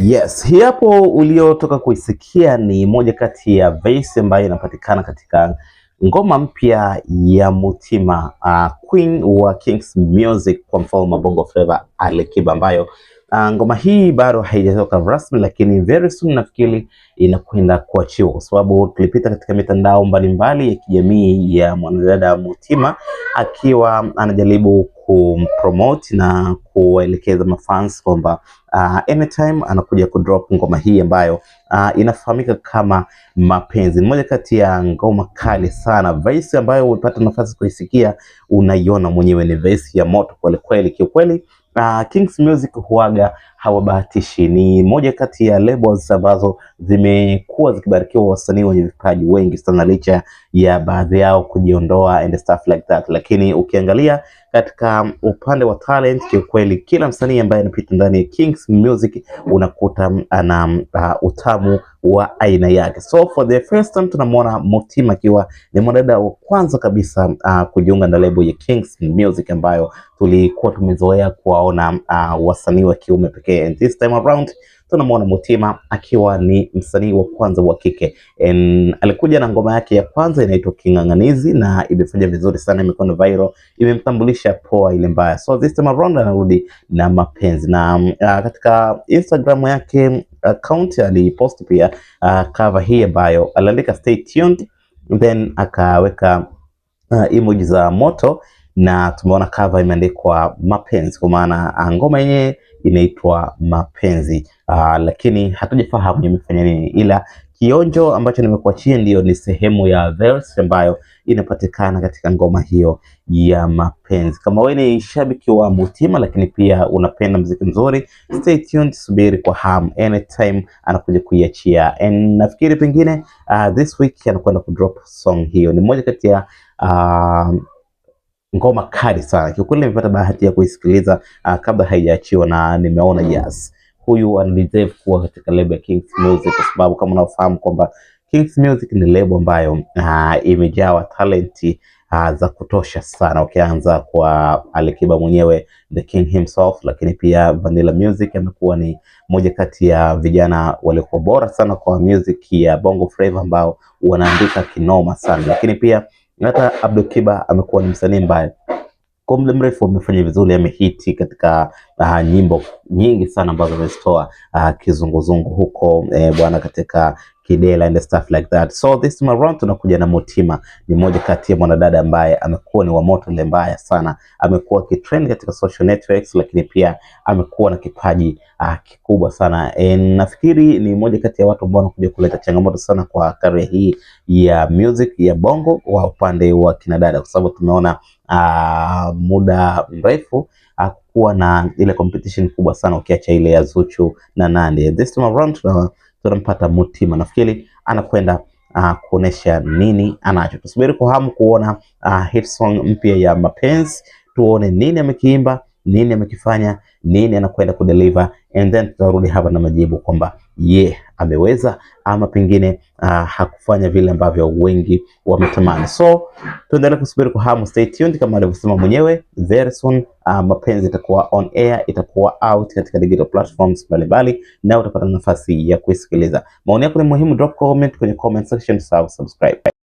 Yes, hii hapo uliotoka kuisikia ni moja kati ya vesi ambayo inapatikana katika ngoma mpya ya Mutima, uh, Queen wa Kings Music kwa mfano mabongo flava alikiba ambayo Ah, ngoma hii bado haijatoka rasmi, lakini very soon nafikiri inakwenda kuachiwa, kwa sababu tulipita katika mitandao mbalimbali ya kijamii ya mwanadada Mutima akiwa anajaribu kumpromote na kuwaelekeza mafans kwamba uh, anytime anakuja kudrop ngoma hii ambayo uh, inafahamika kama Mapenzi. moja kati ya ngoma kali sana. Vesi ambayo umepata nafasi kuisikia, unaiona mwenyewe, ni vesi ya moto kwelikweli, kiukweli na ah, Kings Music huaga hawabahatishi. Ni moja kati ya labels ambazo zimekuwa zikibarikiwa wasanii wenye vipaji wengi sana, licha ya baadhi yao kujiondoa and stuff like that, lakini ukiangalia katika upande wa talent, kiukweli kila msanii ambaye anapita ndani ya Kings Music unakuta ana ah, uh, ah, utamu wa aina yake. So for the first time tunamwona Motima akiwa ni mwanadada wa kwanza kabisa uh, kujiunga na lebo ya Kings Music ambayo tulikuwa tumezoea kuwaona uh, wasanii wa kiume pekee, and this time around tunamwona Mutima akiwa ni msanii wa kwanza wa kike. Alikuja na ngoma yake ya kwanza inaitwa King'ang'anizi na imefanya vizuri sana, imekuwa na viral, imemtambulisha poa ile mbaya. So this time around anarudi na mapenzi na uh, katika Instagram yake account alipost pia uh, cover hii ambayo aliandika stay tuned, then akaweka uh, ah, emoji za moto na tumeona cover imeandikwa mapenzi, kwa maana ngoma yenyewe inaitwa mapenzi. Aa, ah, lakini hatujafahamu imefanya nini, ila kionjo ambacho nimekuachia ndiyo ni sehemu ya verse ambayo inapatikana katika ngoma hiyo ya mapenzi. Kama wewe ni shabiki wa Mutima lakini pia unapenda mziki mzuri, stay tuned, subiri kwa ham, anytime anakuja kuiachia, and nafikiri pengine uh, this week anakwenda kudrop song hiyo. Ni moja kati ya uh, ngoma kali sana kiukweli. Nimepata bahati ya kuisikiliza uh, kabla haijaachiwa na nimeona yes, huyu ana kuwa katika lebo ya Kings Music kwa sababu kama unaofahamu kwamba Kings Music ni lebo ambayo uh, imejawa talenti uh, ah, za kutosha sana, ukianza kwa Alikiba mwenyewe the king himself, lakini pia Vanilla Music amekuwa ni moja kati ya vijana waliokuwa bora sana kwa music ya Bongo Flava ambao wanaandika kinoma sana, lakini pia na hata Abdukiba amekuwa ni msanii mbaya kwa muda mrefu amefanya vizuri, amehiti katika uh, nyimbo nyingi sana ambazo amezitoa uh, kizunguzungu huko eh, bwana katika Kidela and stuff like that. So this time around tunakuja na Motima, ni moja kati ya mwanadada ambaye amekuwa ni wa moto ile mbaya sana, amekuwa akitrend katika social networks, lakini pia amekuwa na kipaji uh, kikubwa sana e, nafikiri ni moja kati ya watu ambao wanakuja kuleta changamoto sana kwa career hii ya music ya bongo wa upande wa kina dada kwa sababu tumeona uh, muda mrefu ah, kuwa na ile competition kubwa sana ukiacha ile ya Zuchu na Nandy. This time around uh, tunampata Mutima. Nafikiri anakwenda uh, kuonesha nini anacho. Tusubiri kwa hamu kuona uh, hit song mpya ya mapenzi, tuone nini amekiimba nini amekifanya, nini anakwenda kudeliver, and then tutarudi hapa na majibu kwamba ye yeah, ameweza ama pengine uh, hakufanya vile ambavyo wengi wametamani. So tuendelee kusubiri kwa hamu, stay tuned. Kama alivyosema mwenyewe very soon, uh, Mapenzi itakuwa on air, itakuwa out katika digital platforms mbalimbali, na utapata nafasi ya kuisikiliza. Maoni yako ni muhimu, drop comment kwenye comment section, sawa, subscribe.